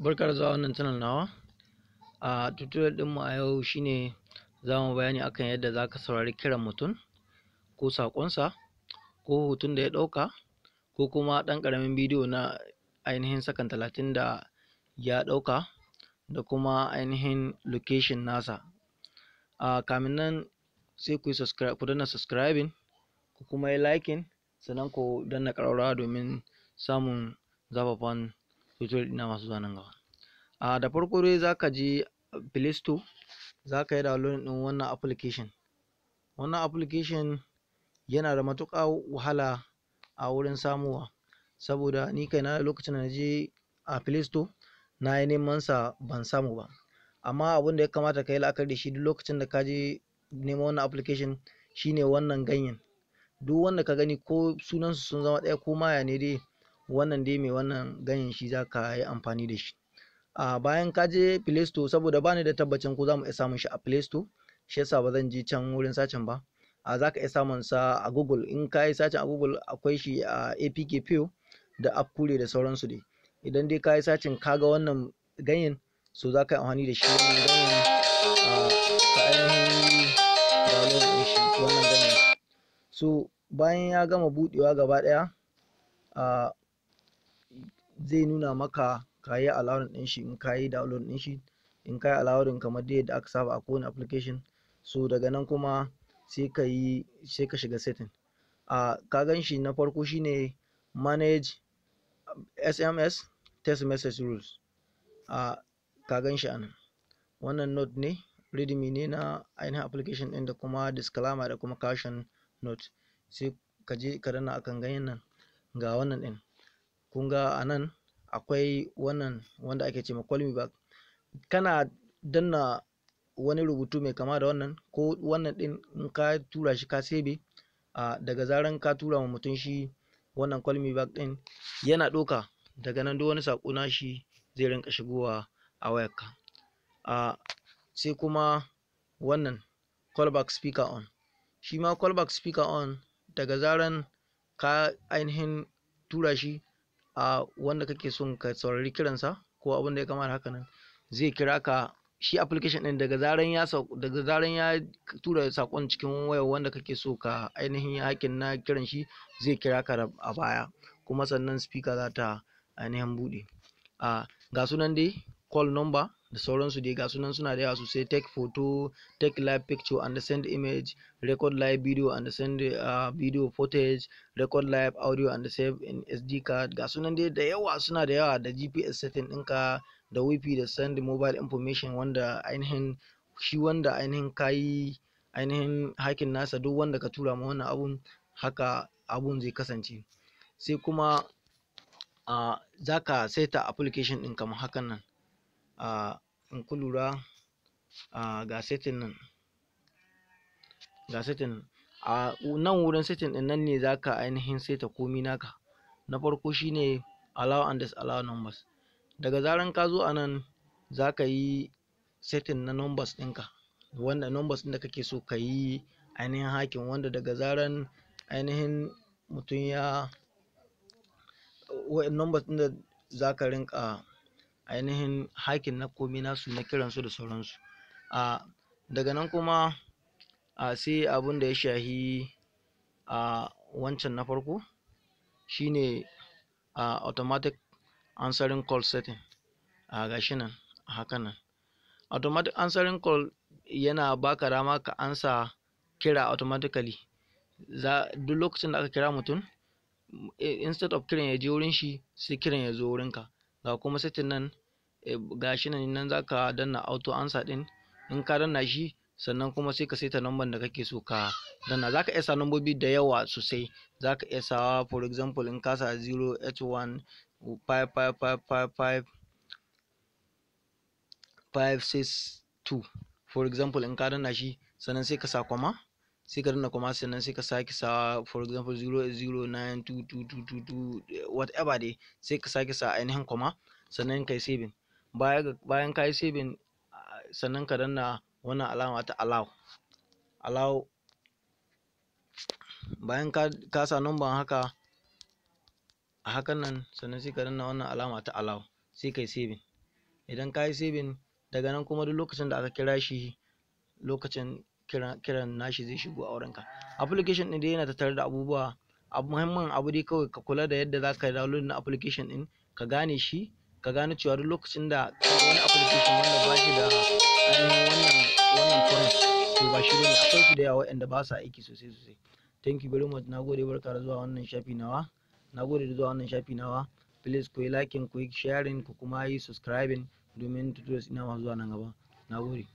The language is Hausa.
barkar zuwa wannan tunan nawa a tutorial ɗinmu a yau shine za mu bayani akan yadda za ka saurari kiran mutum ko saƙonsa ko hoton da ya ɗauka ko kuma ɗan ƙaramin bidiyo na ainihin sakan talatin da ya ɗauka da kuma ainihin location nasa a kamin nan sai ku yi ku danna subscribing ku kuma yi liking sannan ku danna ƙararrawa domin samun zafafan tutorial ina masu zuwa nan gaba a da farko dai za ka je play store za ka yi download ɗin wannan application wannan application yana da matuƙa wahala a wurin samuwa saboda ni kaina lokacin da na je a play store na yi neman sa ban samu ba amma abin da ya kamata ka yi la'akari da shi duk lokacin da ka je neman wannan application shine wannan ganyen duk wanda ka gani ko sunansu sun zama ɗaya ko maya ne dai wannan dai mai wannan ganyen shi za ka yi amfani da shi a bayan ka je play store saboda ba ni da tabbacin ko za mu iya samun shi a play store shi yasa ba zan je can wurin sacin ba a za ka iya samun sa a google in ka yi sacin a google akwai shi a apk pay da app kure da sauransu dai idan dai ka yi sacin ka ga wannan ganyen so za ka yi amfani da shi wannan ganyen ka ainihin shi wannan ganyen so bayan ya gama buɗewa gaba ɗaya zai nuna maka ka yi allowing ɗin shi in ka yi download ɗin shi in ka yi allowing kamar dai yadda aka saba a kowane application so daga nan kuma sai ka shiga setting a ka gan shi na farko shine manage sms test message rules a ka gan shi anan wannan note ne readme ne na ainihin application ɗin da kuma disclaimer da kuma caution note sai ka je ka danna akan ganyen nan ga wannan ɗin kun ga a nan akwai wannan wanda ake ce ma call kana danna wani rubutu mai kama da wannan ko wannan ɗin in ka tura shi ka sebe a daga zaran ka tura wa mutum shi wannan kwalmi bag din ɗin yana ɗauka daga nan duk wani saƙo na shi zai rinka shigowa a wayarka a sai kuma wannan callback speaker on shi ma callback speaker on daga zaran ka ainihin tura shi a wanda kake so ka saurari kiransa ko abin da ya kamata haka nan zai kira ka shi application ɗin daga zaran ya daga zaran ya tura sakon cikin wayar wanda kake so ka ainihin hakin na kiran shi zai kira ka a baya kuma sannan speaker za ta ainihin bude. a ga sunan dai call number da sauransu dai gasu nan suna da yawa sosai take photo take live picture and send image record live video and send uh, video footage record live audio and save in sd card gasu nan dai da yawa suna da yawa da gps setting ɗinka da wifi da send mobile information wanda ainihin shi wanda ainihin kayi ainihin hakin nasa duk wanda ka tura ma wannan abun haka abun zai kasance sai kuma uh, za ka saita application ɗin kamar hakan nan in ku lura ga setting nan ga setting a nan wurin setting din nan ne za ka ainihin seta komi naka na farko shine allow and disallow numbers daga zaran ka zo a nan za ka yi setting na numbers ɗinka wanda numbers ɗin da kake so ka yi ainihin hakin wanda daga zaran ainihin mutum ya numbers ɗin da za ka rinka ainihin hakin na komai nasu na kiransu da sauransu a daga nan kuma a sai abin da ya shahi a wancan na farko shine a automatic answering call setting a gashi nan haka nan automatic answering call yana baka dama ka ansa kira automatically za duk lokacin da aka kira mutum instead of kiran ya je wurin shi sai kiran ya zo wurin ka. ga kuma setting nan eh, ga shi nan nan zaka danna auto answer din in ka danna shi sannan kuma sai ka saita number da kake so ka danna zaka iya sa nambobi da yawa sosai zaka iya sawa for example in ka sa 081 5 for example in ka danna shi sannan sai ka sa kwama sai ka danna kuma sannan sai ka sake sa for example 0092222 whatever dai sai ka sake sa ainihin kuma sannan kai saving bayan ka yi saving sannan ka danna wannan alama ta allow allow bayan ka sa numban haka a hakan nan sannan sai ka danna wannan alama ta allow sai kai saving idan ka yi saving daga nan kuma duk lokacin da aka kira shi lokacin kiran kiran nashi zai shigo a wurinka application din dai yana tattare da abubuwa abu muhimmin abu dai kawai ka kula da yadda za ka download na application din ka gane shi ka gane cewa duk lokacin da wani application wanda ba shi da wannan wannan to ba shi bane akwai su da yawa wanda ba su aiki sosai sosai thank you very much nagode barka da zuwa wannan shafi nawa nagode da zuwa wannan shafi nawa please ku yi liking ku yi sharing ku kuma yi subscribing domin tutorials ina masu zuwa nan gaba nagode